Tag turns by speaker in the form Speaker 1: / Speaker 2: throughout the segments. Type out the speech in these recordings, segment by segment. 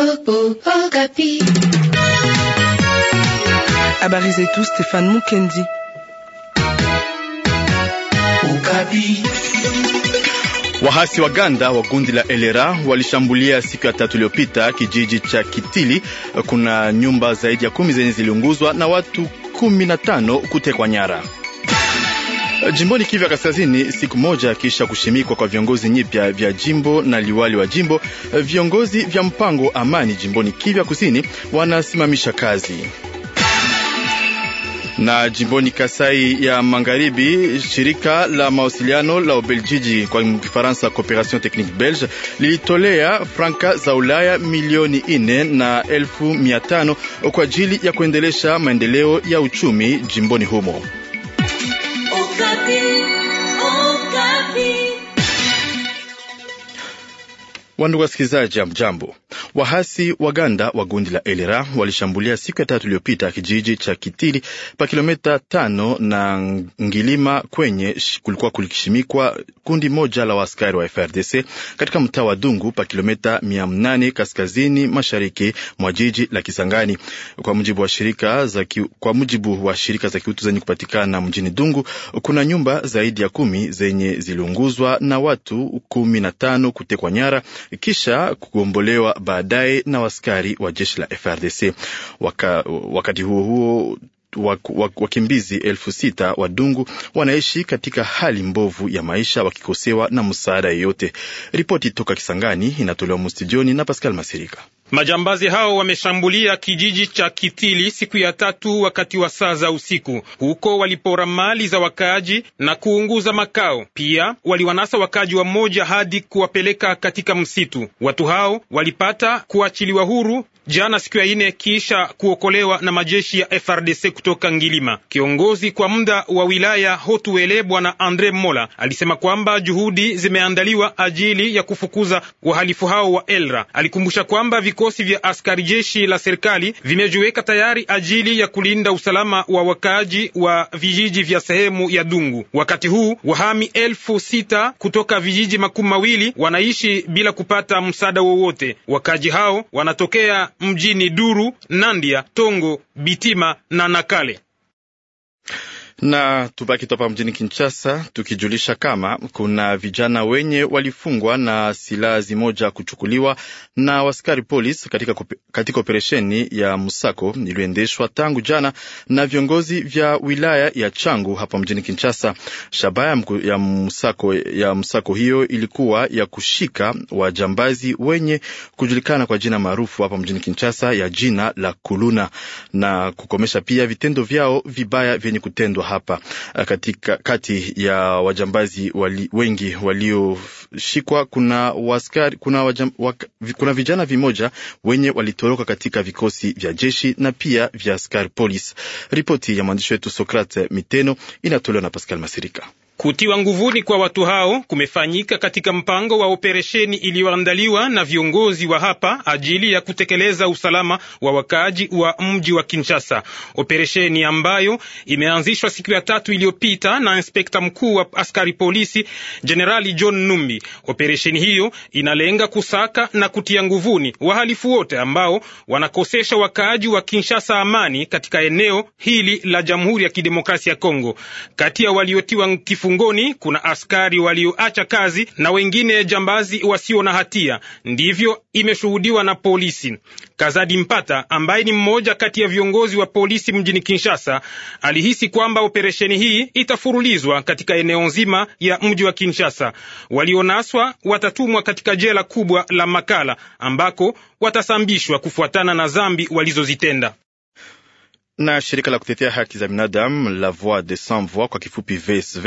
Speaker 1: Oh, oh, oh,
Speaker 2: Habari zetu Stéphane Mukendi. Okapi.
Speaker 1: Wahasi wa Ganda wa gundi la Elera walishambulia siku ya tatu iliyopita kijiji cha Kitili. Kuna nyumba zaidi ya kumi zenye ziliunguzwa na watu kumi na tano kutekwa nyara. Eh, jimboni Kivu ya Kaskazini, siku moja kisha kushimikwa kwa viongozi nyipya vya jimbo na liwali wa jimbo, eh, viongozi vya mpango amani jimboni Kivu ya Kusini wanasimamisha kazi na jimboni Kasai ya Magharibi, shirika la mawasiliano la Ubeljiji kwa Kifaransa, Cooperation Technique Belge, lilitolea franka za Ulaya milioni ine na elfu mia tano kwa ajili ya kuendelesha maendeleo ya uchumi jimboni humo. Wandugu wasikilizaji, amjambo. Wahasi Waganda wa gundi la Elera walishambulia siku ya tatu iliyopita kijiji cha Kitili pa kilomita tano na Ngilima kwenye kulikuwa kulishimikwa kundi moja la waskari wa FRDC katika mtaa wa Dungu pa kilomita mia mnane kaskazini mashariki mwa jiji la Kisangani. Kwa mujibu wa shirika za ki, kwa mujibu wa shirika za kiutu zenye kupatikana mjini Dungu, kuna nyumba zaidi ya kumi zenye ziliunguzwa na watu kumi na tano kutekwa nyara kisha kugombolewa baada baadaye na waskari wa jeshi la FRDC. Waka, wakati huo huo wakimbizi elfu sita dungu wanaishi katika hali mbovu ya maisha wakikosewa na msaada yeyote. Ripoti toka Kisangani inatolewa mustijoni na Pascal Masirika.
Speaker 3: Majambazi hao wameshambulia kijiji cha Kitili siku ya tatu wakati wa saa za usiku. Huko walipora mali za wakaaji na kuunguza makao. Pia waliwanasa wakaaji wa moja hadi kuwapeleka katika msitu. Watu hao walipata kuachiliwa huru jana siku ya ine kisha kuokolewa na majeshi ya FRDC kutoka Ngilima. Kiongozi kwa muda wa wilaya Hotuele Bwana Andre Mola alisema kwamba juhudi zimeandaliwa ajili ya kufukuza wahalifu hao wa Elra. Alikumbusha kwamba vikosi vya askari jeshi la serikali vimejiweka tayari ajili ya kulinda usalama wa wakaaji wa vijiji vya sehemu ya Dungu. Wakati huu wahami elfu sita kutoka vijiji makumi mawili wanaishi bila kupata msaada wowote. Wakaaji hao wanatokea mjini Duru, Nandia, Tongo, Bitima na Nakale
Speaker 1: na tubaki twapa mjini Kinshasa tukijulisha kama kuna vijana wenye walifungwa na silaha zimoja kuchukuliwa na waskari polis katika, katika operesheni ya msako iliyoendeshwa tangu jana na viongozi vya wilaya ya Changu hapa mjini Kinshasa. Shabaha ya msako, ya msako hiyo ilikuwa ya kushika wajambazi wenye kujulikana kwa jina maarufu hapa mjini Kinshasa ya jina la Kuluna na kukomesha pia vitendo vyao vibaya vyenye kutendwa hapa eh, katika kati ya wajambazi wali, wengi walioshikwa kuna waskari, kuna, wajam, wak, kuna vijana vimoja wenye walitoroka katika vikosi vya jeshi na pia vya askari polisi. Ripoti ya mwandishi wetu Sokrate Miteno inatolewa na Pascal Masirika.
Speaker 3: Kutiwa nguvuni kwa watu hao kumefanyika katika mpango wa operesheni iliyoandaliwa na viongozi wa hapa ajili ya kutekeleza usalama wa wakaaji wa mji wa Kinshasa, operesheni ambayo imeanzishwa siku ya tatu iliyopita na inspekta mkuu wa askari polisi Jenerali John Numbi. Operesheni hiyo inalenga kusaka na kutia nguvuni wahalifu wote ambao wanakosesha wakaaji wa Kinshasa amani katika eneo hili la Jamhuri ya Kidemokrasia ya Kongo. Kati ya waliotiwa kifu kifungoni, kuna askari walioacha kazi na wengine jambazi wasio na hatia. Ndivyo imeshuhudiwa na polisi. Kazadi Mpata ambaye ni mmoja kati ya viongozi wa polisi mjini Kinshasa alihisi kwamba operesheni hii itafurulizwa katika eneo nzima ya mji wa Kinshasa. Walionaswa watatumwa katika jela kubwa la Makala ambako watasambishwa kufuatana na zambi walizozitenda
Speaker 1: na shirika la kutetea haki za binadamu la Voix des Sans Voix kwa kifupi VSV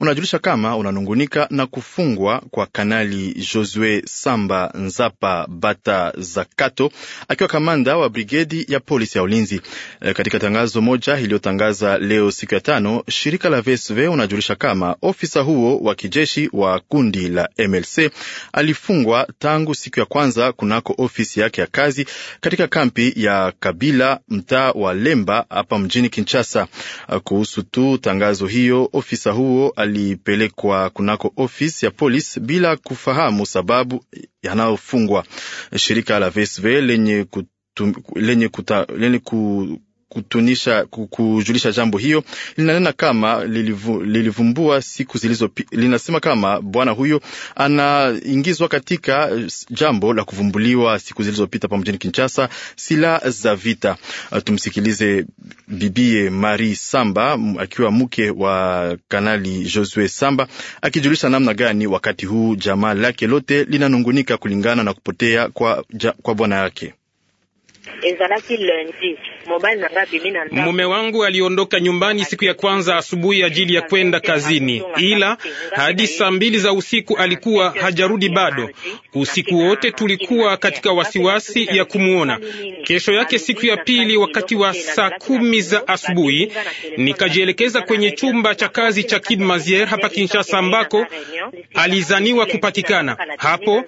Speaker 1: unajulisha kama unanungunika na kufungwa kwa Kanali Josue Samba Nzapa Bata Zakato akiwa kamanda wa brigedi ya polisi ya ulinzi. E, katika tangazo moja iliyotangaza leo siku ya tano, shirika la VSV unajulisha kama ofisa huo wa kijeshi wa kundi la MLC alifungwa tangu siku ya kwanza kunako ofisi yake ya kazi katika kampi ya Kabila mtaa wa Lemba Pemba hapa mjini Kinshasa. Uh, kuhusu tu tangazo hiyo, ofisa huo alipelekwa kunako ofisi ya polisi bila kufahamu sababu yanayofungwa. Shirika la VSV lenye, kutu, lenye, kuta, lenye ku, kutunisha kujulisha jambo hiyo, linanena kama lilivu, lilivumbua siku zilizo, linasema kama bwana huyo anaingizwa katika jambo la kuvumbuliwa siku zilizopita pa Kinshasa sila za vita. Tumsikilize bibie Marie Samba akiwa mke wa kanali Josue Samba akijulisha namna gani wakati huu jamaa lake lote linanungunika kulingana na kupotea kwa, ja, kwa bwana yake. Mume wangu
Speaker 3: aliondoka nyumbani siku ya kwanza asubuhi ajili ya kwenda kazini, ila hadi saa mbili za usiku alikuwa hajarudi bado. Usiku wote tulikuwa katika wasiwasi ya kumwona. Kesho yake siku ya pili, wakati wa saa kumi za asubuhi, nikajielekeza kwenye chumba cha kazi cha Kid Mazier hapa Kinshasa, ambako alizaniwa kupatikana. Hapo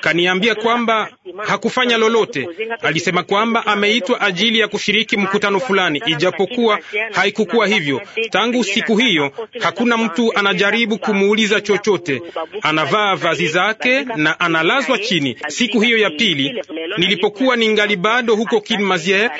Speaker 3: kaniambia kwamba hakufanya lolote. Alisema kwamba kwamba ameitwa ajili ya kushiriki mkutano fulani, ijapokuwa haikukuwa hivyo. Tangu siku hiyo hakuna mtu anajaribu kumuuliza chochote. Anavaa vazi zake na analazwa chini. Siku hiyo ya pili nilipokuwa ningali bado huko Kinmazier,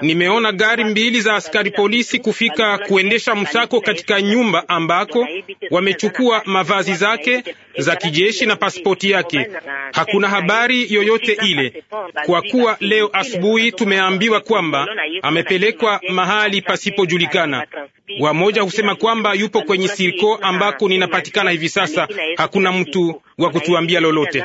Speaker 3: nimeona gari mbili za askari polisi kufika kuendesha msako katika nyumba ambako wamechukua mavazi zake za kijeshi na pasipoti yake. Hakuna habari yoyote ile kwa kuwa leo asubuhi asubuhi tumeambiwa kwamba amepelekwa mahali pasipojulikana. Wamoja husema kwamba yupo kwenye sirko ambako ninapatikana hivi sasa.
Speaker 1: Hakuna mtu wa kutuambia lolote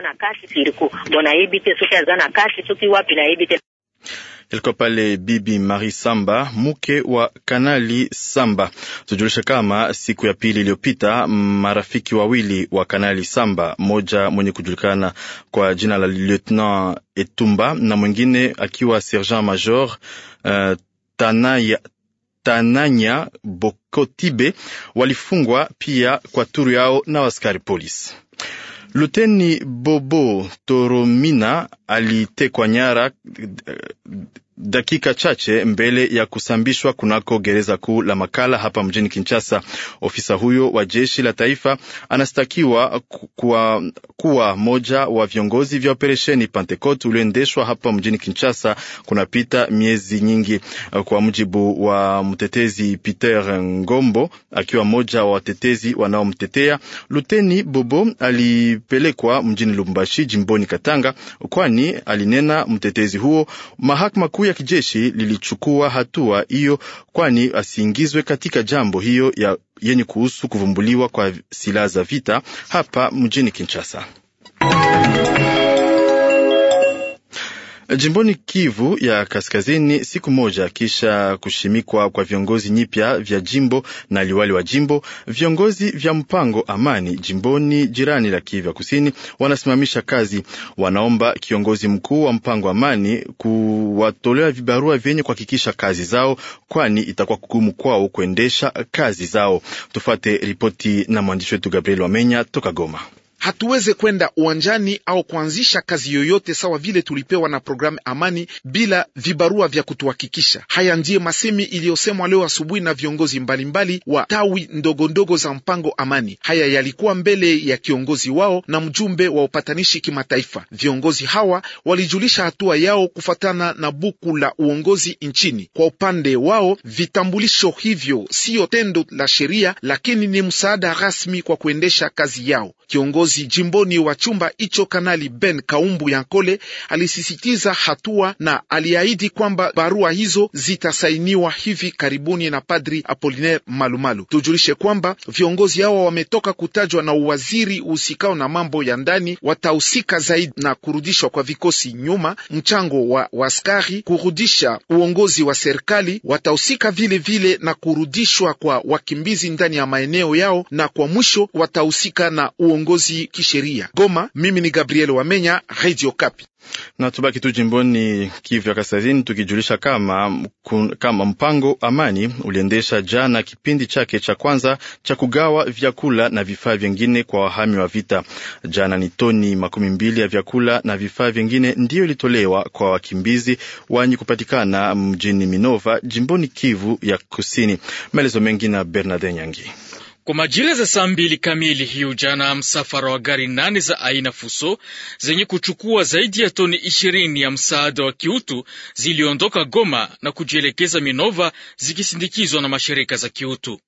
Speaker 1: ilikuwa pale Bibi Mari Samba, mke wa Kanali Samba. Tujulishe kama siku ya pili iliyopita marafiki wawili wa Kanali Samba, mmoja mwenye kujulikana kwa jina la Lieutenant Etumba na mwingine akiwa sergent Major uh, Tanaya Tananya Bokotibe walifungwa pia kwa turu yao na askari polisi. Luteni Bobo Toromina alitekwa nyara dakika chache mbele ya kusambishwa kunako gereza kuu la Makala hapa mjini Kinshasa. Ofisa huyo wa jeshi la taifa anastakiwa kuwa, kuwa moja wa viongozi vya operesheni Pantecot ulioendeshwa hapa mjini Kinshasa kunapita miezi nyingi, kwa mujibu wa mtetezi Peter Ngombo, akiwa moja wa watetezi wanaomtetea Luteni Bobo. Alipelekwa mjini Lubumbashi jimboni Katanga, kwani alinena mtetezi huo mahakama kuu kuu ya kijeshi lilichukua hatua hiyo, kwani asiingizwe katika jambo hiyo ya yenye kuhusu kuvumbuliwa kwa silaha za vita hapa mjini Kinshasa. Jimboni Kivu ya Kaskazini, siku moja kisha kushimikwa kwa viongozi nyipya vya jimbo na liwali wa jimbo, viongozi vya mpango amani jimboni jirani la Kivu ya Kusini wanasimamisha kazi. Wanaomba kiongozi mkuu wa mpango amani kuwatolea vibarua vyenye kuhakikisha kazi zao, kwani itakuwa kugumu kwao kuendesha kazi zao. Tufate ripoti na mwandishi wetu Gabriel Wamenya toka Goma
Speaker 2: hatuweze kwenda uwanjani au kuanzisha kazi yoyote sawa vile tulipewa na programu Amani bila vibarua vya kutuhakikisha. Haya ndiye masemi iliyosemwa leo asubuhi na viongozi mbalimbali mbali wa tawi ndogondogo za mpango Amani. Haya yalikuwa mbele ya kiongozi wao na mjumbe wa upatanishi kimataifa. Viongozi hawa walijulisha hatua yao kufuatana na buku la uongozi nchini. Kwa upande wao, vitambulisho hivyo siyo tendo la sheria, lakini ni msaada rasmi kwa kuendesha kazi yao. Kiongozi kiongozi jimboni wa chumba hicho Kanali Ben Kaumbu Yankole alisisitiza hatua na aliahidi kwamba barua hizo zitasainiwa hivi karibuni na Padri Apolinaire Malumalu. Tujulishe kwamba viongozi hawa wametoka kutajwa na uwaziri uhusikao na mambo ya ndani, watahusika zaidi na kurudishwa kwa vikosi nyuma, mchango wa waskari, kurudisha uongozi wa serikali, watahusika vile vile na kurudishwa kwa wakimbizi ndani ya maeneo yao, na kwa mwisho watahusika na uongozi kisheria. Goma, mimi ni Gabriel Wamenya, Radio Kapi.
Speaker 1: Na tubaki tu jimboni Kivu ya Kaskazini, tukijulisha kama, kama mpango amani uliendesha jana kipindi chake cha kwanza cha kugawa vyakula na vifaa vyengine kwa wahami wa vita. Jana ni toni makumi mbili ya vyakula na vifaa vyengine ndiyo ilitolewa kwa wakimbizi wanyi kupatikana mjini Minova, jimboni Kivu ya Kusini. Maelezo mengi na Bernard Nyangi.
Speaker 4: Kwa majira za saa mbili kamili hiyo jana, msafara wa gari nane za aina Fuso zenye kuchukua zaidi ya toni ishirini ya msaada wa kiutu ziliondoka Goma na kujielekeza Minova zikisindikizwa na mashirika za kiutu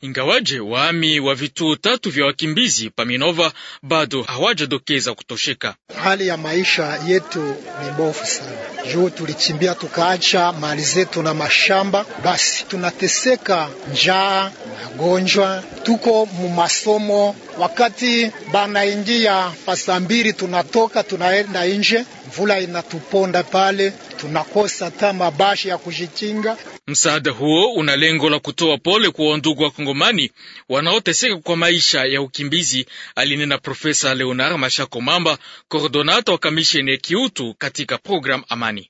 Speaker 4: ingawaje waami wa vituo tatu vya wakimbizi paminova bado hawajadokeza kutosheka.
Speaker 5: Hali ya maisha yetu ni bofu sana, juu tulichimbia tukaacha mali zetu na mashamba, basi tunateseka njaa, magonjwa, tuko mu masomo, wakati banaingia pasa mbili tunatoka tunaenda nje mvula inatuponda pale, tunakosa hata mabashi ya kujikinga.
Speaker 4: Msaada huo una lengo la kutoa pole kwa wandugu wa Kongomani wanaoteseka kwa maisha ya ukimbizi, alinena Profesa Leonard Mashako Mamba, kordonata wa kamisheni ya kiutu katika programu Amani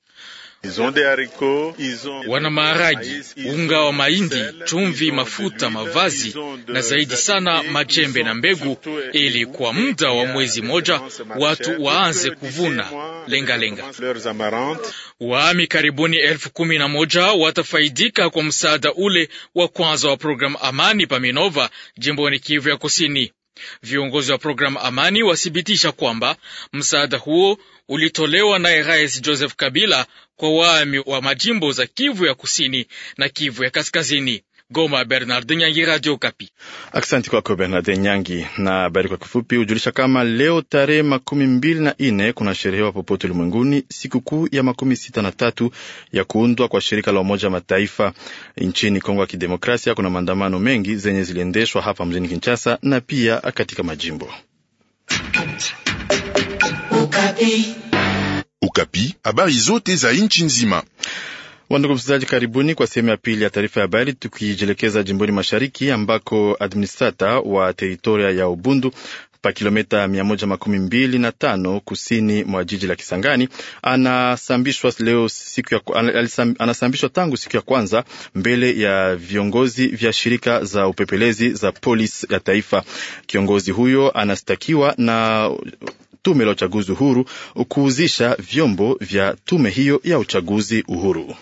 Speaker 4: wana maharagi, unga wa mahindi, chumvi, mafuta, mavazi na zaidi sana majembe na mbegu, ili kwa muda wa mwezi moja watu waanze kuvuna lengalenga. Waami karibuni elfu kumi na moja watafaidika kwa msaada ule wa kwanza wa programu Amani Paminova jimboni Kivu ya Kusini. Viongozi wa programu Amani wathibitisha kwamba msaada huo ulitolewa naye Rais Joseph Kabila kwa waami wa majimbo za Kivu ya Kusini na Kivu ya Kaskazini. Goma, Bernard Nyangi, Radio Kapi.
Speaker 1: Aksanti kwako Bernard Nyangi na habari kwa kifupi. Hujulisha kama leo tarehe makumi mbili na ine kuna sherehewa popote ulimwenguni sikukuu ya makumi sita na tatu ya kuundwa kwa shirika la Umoja Mataifa nchini Kongo ya Kidemokrasia. Kuna maandamano mengi zenye ziliendeshwa hapa mjini Kinshasa na pia katika majimbo
Speaker 4: Ukapi.
Speaker 1: Ukapi, habari zote za nchi nzima Wandugu msikilizaji, karibuni kwa sehemu ya pili ya taarifa ya habari, tukijielekeza jimboni mashariki ambako administrata wa teritoria ya Ubundu pa kilomita tano kusini mwa jiji la Kisangani anasambishwa leo siku ya, anasambishwa tangu siku ya kwanza mbele ya viongozi vya shirika za upepelezi za polisi ya taifa. Kiongozi huyo anastakiwa na tume la uchaguzi uhuru kuuzisha vyombo vya tume hiyo ya uchaguzi uhuru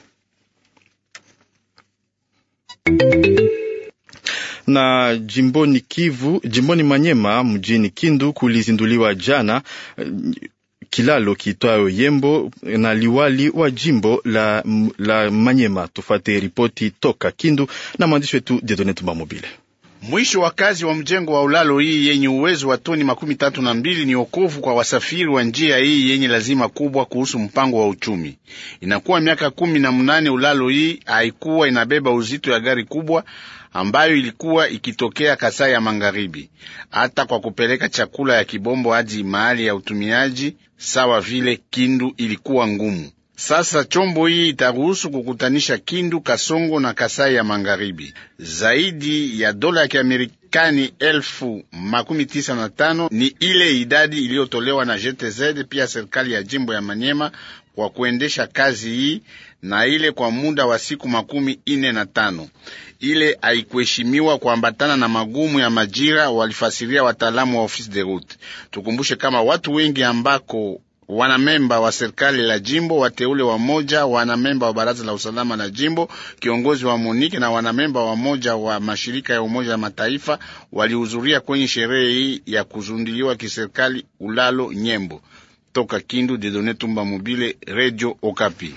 Speaker 1: na jimboni Kivu, jimboni Manyema, mjini Kindu kulizinduliwa jana eh, kilalo kiitwayo Yembo na liwali wa jimbo la, la Manyema. Tufate ripoti toka Kindu na mwandishi wetu Dedone
Speaker 5: Mwisho wa kazi wa mjengo wa ulalo hii yenye uwezo wa toni makumi tatu na mbili ni okovu kwa wasafiri wa njia hii yenye lazima kubwa kuhusu mpango wa uchumi. Inakuwa miaka kumi na mnane ulalo hii haikuwa inabeba uzito ya gari kubwa ambayo ilikuwa ikitokea Kasai ya Magharibi, hata kwa kupeleka chakula ya kibombo hadi mahali ya utumiaji sawa vile Kindu ilikuwa ngumu. Sasa chombo hii itaruhusu kukutanisha Kindu, Kasongo na Kasai ya Magharibi. Zaidi ya dola ya Kiamerikani elfu makumi tisa na tano ni ile idadi iliyotolewa na GTZ pia serikali ya jimbo ya Manyema kwa kuendesha kazi hii na ile kwa muda wa siku makumi ine na tano. Ile haikuheshimiwa kuambatana na magumu ya majira, walifasiria wataalamu wa ofisi de route. Tukumbushe kama watu wengi ambako wanamemba wa serikali la jimbo, wateule wa moja wanamemba wa baraza la usalama la jimbo, kiongozi wa Munike na wanamemba wa moja wa mashirika ya Umoja wa Mataifa walihudhuria kwenye sherehe hii ya kuzundiliwa kiserikali ulalo nyembo. Toka Kindu, Dedone Tumba Mobile,
Speaker 1: Radio Okapi.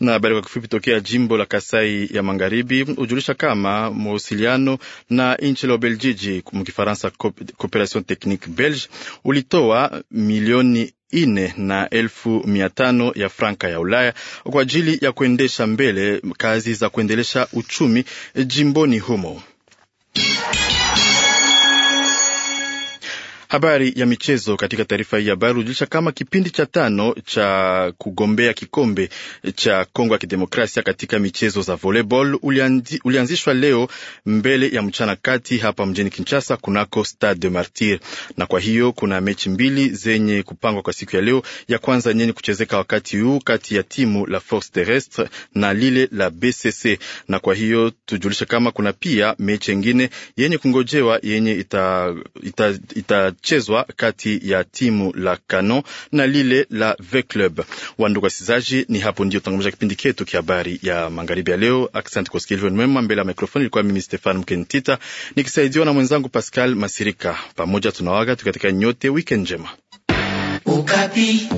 Speaker 1: Na habari kwa kifupi tokea jimbo la Kasai ya Magharibi hujulisha kama mawasiliano na nchi la Ubeljiji, mkifaransa Cooperation Technique Belge, ulitoa milioni ine na elfu mia tano ya franka ya Ulaya kwa ajili ya kuendesha mbele kazi za kuendelesha uchumi jimboni humo. Habari ya michezo katika taarifa hii habari hujulisha kama kipindi cha tano cha kugombea kikombe cha Kongo ya Kidemokrasia katika michezo za volleyball ulianzi, ulianzishwa leo mbele ya mchana kati hapa mjini Kinshasa kunako Stade de Martir, na kwa hiyo kuna mechi mbili zenye kupangwa kwa siku ya leo. Ya kwanza nyenye kuchezeka wakati huu kati ya timu la Force Terrestre na lile la BCC, na kwa hiyo tujulishe kama kuna pia mechi ingine yenye kungojewa yenye ita, ita, ita kuchezwa kati ya timu la Canon na lile la V Club. Wandugu wasikizaji, ni hapo ndio tunakamilisha kipindi chetu kia habari ya magharibi ya leo. Asante kwa kusikiliza mwema. Mbele ya mikrofoni ilikuwa mimi Stefan Mkentita nikisaidiwa na mwenzangu Pascal Masirika. Pamoja tunawaga tukatika nyote, weekend njema.
Speaker 4: Ukapi.